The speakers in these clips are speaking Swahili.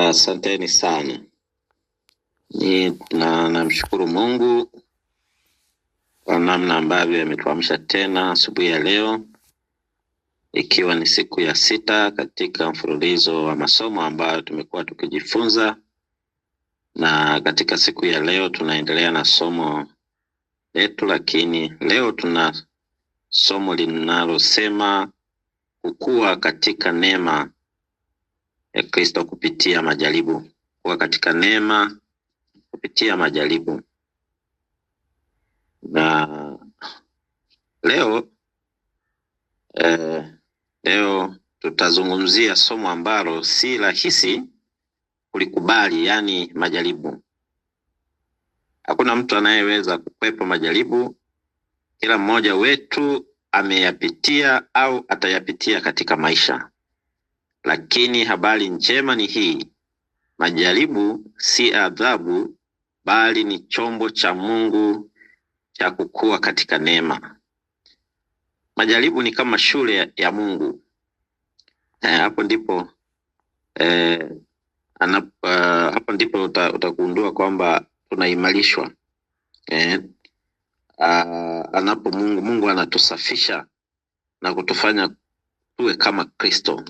asanteni sana ni, na namshukuru Mungu kwa namna ambavyo ametuamsha tena asubuhi ya leo, ikiwa ni siku ya sita katika mfululizo wa masomo ambayo tumekuwa tukijifunza, na katika siku ya leo tunaendelea na somo letu, lakini leo tuna somo linalosema kukua katika neema ya Kristo kupitia majaribu, kuwa katika neema kupitia majaribu. Na leo eh, leo tutazungumzia somo ambalo si rahisi kulikubali, yaani majaribu. Hakuna mtu anayeweza kukwepa majaribu. Kila mmoja wetu ameyapitia au atayapitia katika maisha. Lakini habari njema ni hii: majaribu si adhabu, bali ni chombo cha Mungu cha kukua katika neema. Majaribu ni kama shule ya Mungu. Eh, hapo ndipo eh, anap, uh, hapo ndipo utagundua uta kwamba tunaimarishwa eh, uh, anapo Mungu Mungu anatusafisha na kutufanya tuwe kama Kristo.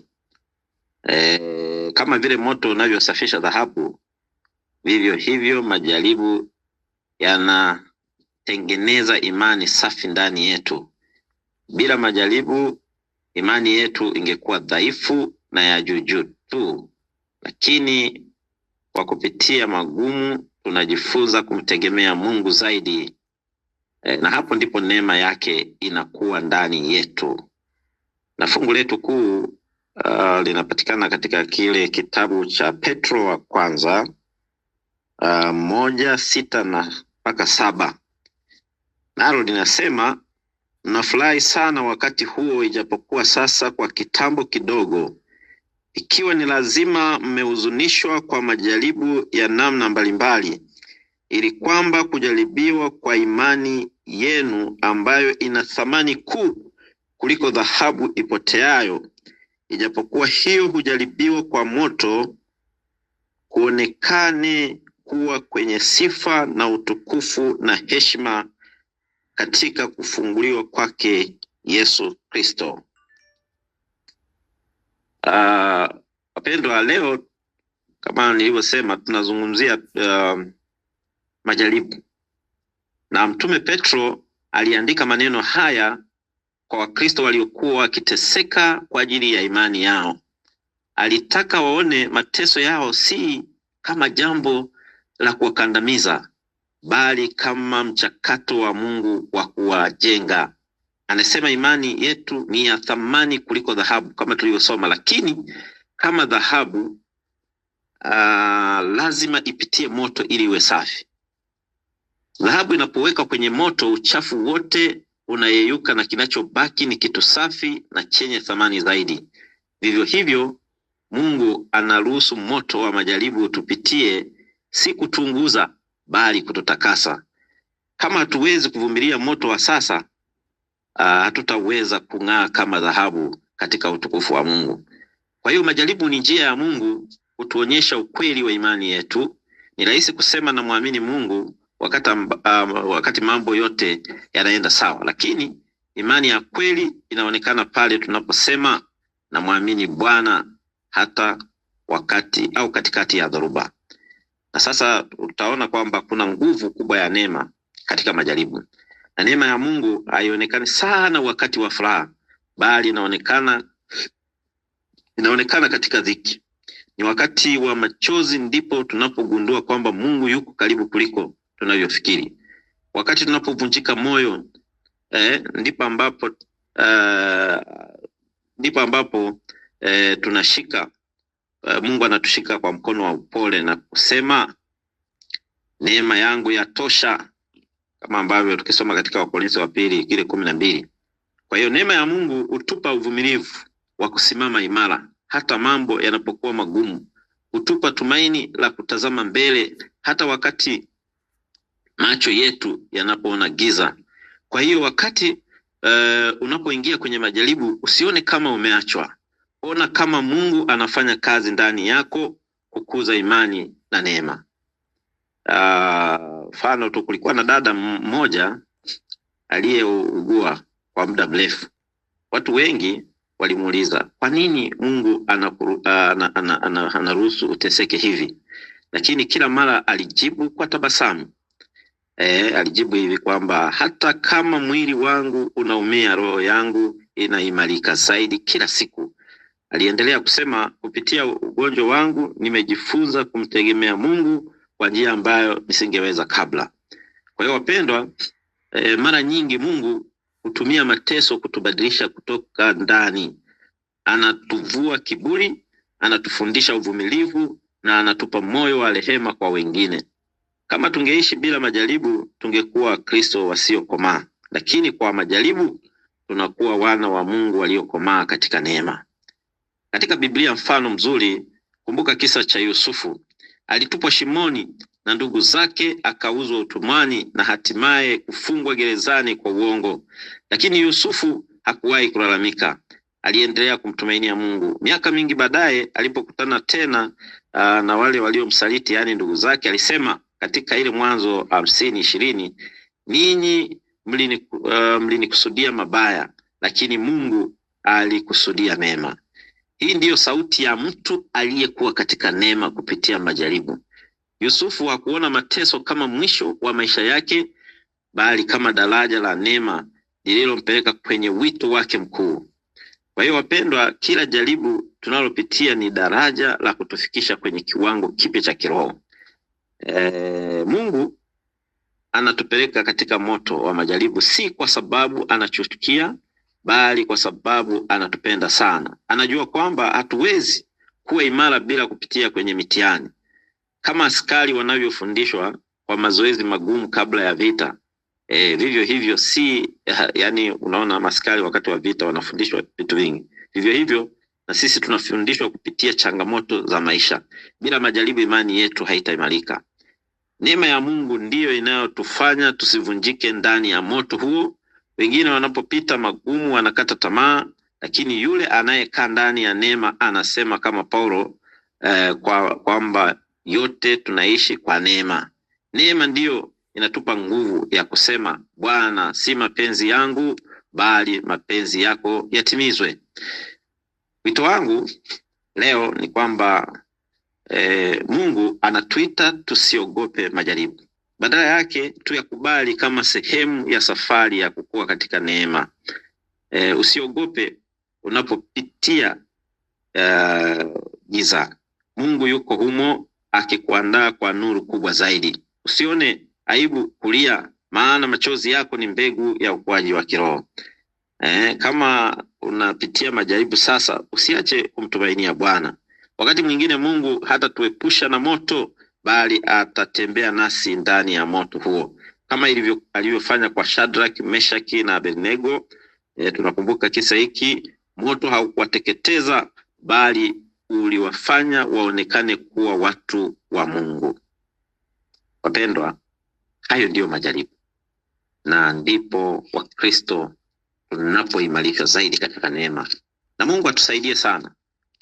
E, kama vile moto unavyosafisha dhahabu, vivyo hivyo majaribu yanatengeneza imani safi ndani yetu. Bila majaribu, imani yetu ingekuwa dhaifu na ya juujuu tu, lakini kwa kupitia magumu tunajifunza kumtegemea Mungu zaidi e, na hapo ndipo neema yake inakuwa ndani yetu, na fungu letu kuu uh, linapatikana katika kile kitabu cha Petro wa kwanza uh, moja sita na mpaka saba nalo linasema Mnafurahi sana wakati huo, ijapokuwa sasa kwa kitambo kidogo, ikiwa ni lazima, mmehuzunishwa kwa majaribu ya namna mbalimbali, ili kwamba kujaribiwa kwa imani yenu ambayo ina thamani kuu kuliko dhahabu ipoteayo Ijapokuwa hiyo hujaribiwa kwa moto, kuonekane kuwa kwenye sifa na utukufu na heshima katika kufunguliwa kwake Yesu Kristo. Ah, wapendwa, uh, leo kama nilivyosema tunazungumzia uh, majaribu na Mtume Petro aliandika maneno haya kwa Wakristo waliokuwa wakiteseka kwa ajili ya imani yao. Alitaka waone mateso yao si kama jambo la kuwakandamiza, bali kama mchakato wa Mungu wa kuwajenga. Anasema imani yetu ni ya thamani kuliko dhahabu, kama tulivyosoma, lakini kama dhahabu aa, ah, lazima ipitie moto ili iwe safi. Dhahabu inapowekwa kwenye moto, uchafu wote unayeyuka na kinachobaki ni kitu safi na chenye thamani zaidi. Vivyo hivyo, Mungu anaruhusu moto wa majaribu utupitie, si kutunguza, bali kututakasa. Kama hatuwezi kuvumilia moto wa sasa, ah, hatutaweza uh, kung'aa kama dhahabu katika utukufu wa Mungu. Kwa hiyo majaribu ni njia ya Mungu kutuonyesha ukweli wa imani yetu. Ni rahisi kusema na muamini Mungu wakati, um, wakati mambo yote yanaenda sawa, lakini imani ya kweli inaonekana pale tunaposema namwamini Bwana hata wakati au katikati ya dhoruba. Na sasa utaona kwamba kuna nguvu kubwa ya neema katika majaribu, na neema ya Mungu haionekani sana wakati wa furaha, bali inaonekana inaonekana katika dhiki. Ni wakati wa machozi ndipo tunapogundua kwamba Mungu yuko karibu kuliko tunavyofikiri. Wakati tunapovunjika moyo eh, ndipo ambapo uh, ndipo ambapo eh, tunashika uh, Mungu anatushika kwa mkono wa upole na kusema neema yangu yatosha, kama ambavyo tukisoma katika Wakorintho wa pili kile kumi na mbili. Kwa hiyo neema ya Mungu hutupa uvumilivu wa kusimama imara hata mambo yanapokuwa magumu, hutupa tumaini la kutazama mbele hata wakati macho yetu yanapoona giza. Kwa hiyo wakati uh, unapoingia kwenye majaribu usione kama umeachwa, ona kama Mungu anafanya kazi ndani yako kukuza imani na neema. Ah, mfano uh, tu, kulikuwa na dada mmoja aliyeugua kwa muda mrefu. Watu wengi walimuuliza kwa nini Mungu anaruhusu ah, ana, ana, ana, ana, uteseke hivi, lakini kila mara alijibu kwa tabasamu E, alijibu hivi kwamba hata kama mwili wangu unaumia, roho yangu inaimarika zaidi kila siku. Aliendelea kusema, kupitia ugonjwa wangu nimejifunza kumtegemea Mungu kwa njia ambayo nisingeweza kabla. Kwa hiyo wapendwa, e, mara nyingi Mungu hutumia mateso kutubadilisha kutoka ndani. Anatuvua kiburi, anatufundisha uvumilivu na anatupa moyo wa rehema kwa wengine. Kama tungeishi bila majaribu, tungekuwa Kristo wasiokomaa, lakini kwa majaribu tunakuwa wana wa Mungu waliokomaa katika neema. Katika Biblia mfano mzuri, kumbuka kisa cha Yusufu. Alitupwa shimoni na ndugu zake, akauzwa utumwani na hatimaye kufungwa gerezani kwa uongo, lakini Yusufu hakuwahi kulalamika. Aliendelea kumtumainia Mungu. Miaka mingi baadaye alipokutana tena aa, na wale waliomsaliti, yaani ndugu zake, alisema katika ile Mwanzo hamsini ishirini ninyi eh, mlinikusudia uh, mabaya lakini Mungu alikusudia mema. Hii ndiyo sauti ya mtu aliyekuwa katika neema kupitia majaribu. Yusufu hakuona mateso kama mwisho wa maisha yake, bali kama daraja la neema lililompeleka kwenye wito wake mkuu. Kwa hiyo wapendwa, kila jaribu tunalopitia ni daraja la kutufikisha kwenye kiwango kipya cha kiroho. Eh, Mungu anatupeleka katika moto wa majaribu, si kwa sababu anachukia, bali kwa sababu anatupenda sana. Anajua kwamba hatuwezi kuwa imara bila kupitia kwenye mitihani, kama askari wanavyofundishwa kwa mazoezi magumu kabla ya vita. E, vivyo hivyo si yani, unaona maskari wakati wa vita wanafundishwa vitu vingi. Vivyo hivyo na sisi tunafundishwa kupitia changamoto za maisha. Bila majaribu, imani yetu haitaimarika. Neema ya Mungu ndiyo inayotufanya tusivunjike ndani ya moto huo. Wengine wanapopita magumu wanakata tamaa, lakini yule anayekaa ndani ya neema anasema kama Paulo eh, kwamba yote tunaishi kwa neema. Neema ndiyo inatupa nguvu ya kusema Bwana, si mapenzi yangu bali mapenzi yako yatimizwe. Wito wangu leo ni kwamba e, Mungu anatuita tusiogope majaribu, badala yake tuyakubali kama sehemu ya safari ya kukua katika neema. E, usiogope unapopitia eh, giza. Uh, Mungu yuko humo akikuandaa kwa nuru kubwa zaidi. Usione aibu kulia, maana machozi yako ni mbegu ya ukuaji wa kiroho. Eh, kama unapitia majaribu sasa, usiache kumtumainia Bwana. Wakati mwingine Mungu hatatuepusha na moto, bali atatembea nasi ndani ya moto huo kama ilivyo alivyofanya kwa Shadrach, Meshaki na Abednego. E, tunakumbuka kisa hiki. Moto haukuwateketeza bali uliwafanya waonekane kuwa watu wa Mungu. Wapendwa, hayo ndiyo majaribu, na ndipo Wakristo tunapoimarika zaidi katika neema, na Mungu atusaidie sana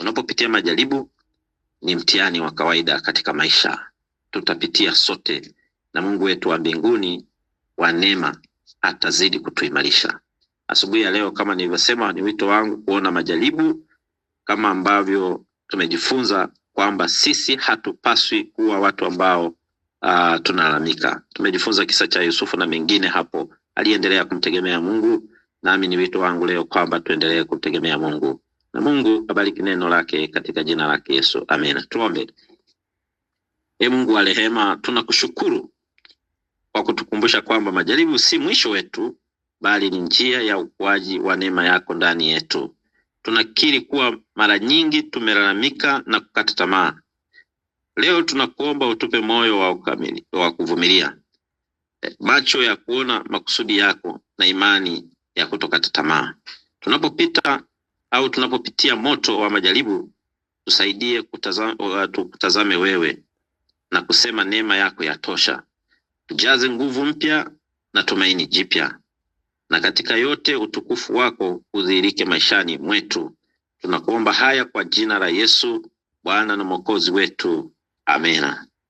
Unapopitia majaribu ni mtihani wa kawaida katika maisha, tutapitia sote, na Mungu wetu wa mbinguni wa neema atazidi kutuimarisha. Asubuhi ya leo, kama nilivyosema, ni wito wangu kuona majaribu kama ambavyo tumejifunza kwamba sisi hatupaswi kuwa watu ambao uh, tunalalamika. Tumejifunza kisa cha Yusufu na mengine hapo, aliendelea kumtegemea Mungu, nami ni wito wangu leo kwamba tuendelee kumtegemea Mungu na Mungu abariki neno lake katika jina lake Yesu, amina. Tuombe. E Mungu wa rehema, tunakushukuru kwa kutukumbusha kwamba majaribu si mwisho wetu, bali ni njia ya ukuaji wa neema yako ndani yetu. Tunakiri kuwa mara nyingi tumelalamika na kukata tamaa. Leo tunakuomba utupe moyo wa ukamili, wa kuvumilia, e, macho ya kuona makusudi yako na imani ya kutokata tamaa tunapopita au tunapopitia moto wa majaribu, tusaidie kutazama, uh, tukutazame wewe na kusema neema yako yatosha. Tujaze nguvu mpya na tumaini jipya, na katika yote utukufu wako udhihirike maishani mwetu. Tunakuomba haya kwa jina la Yesu Bwana na Mwokozi wetu, amena.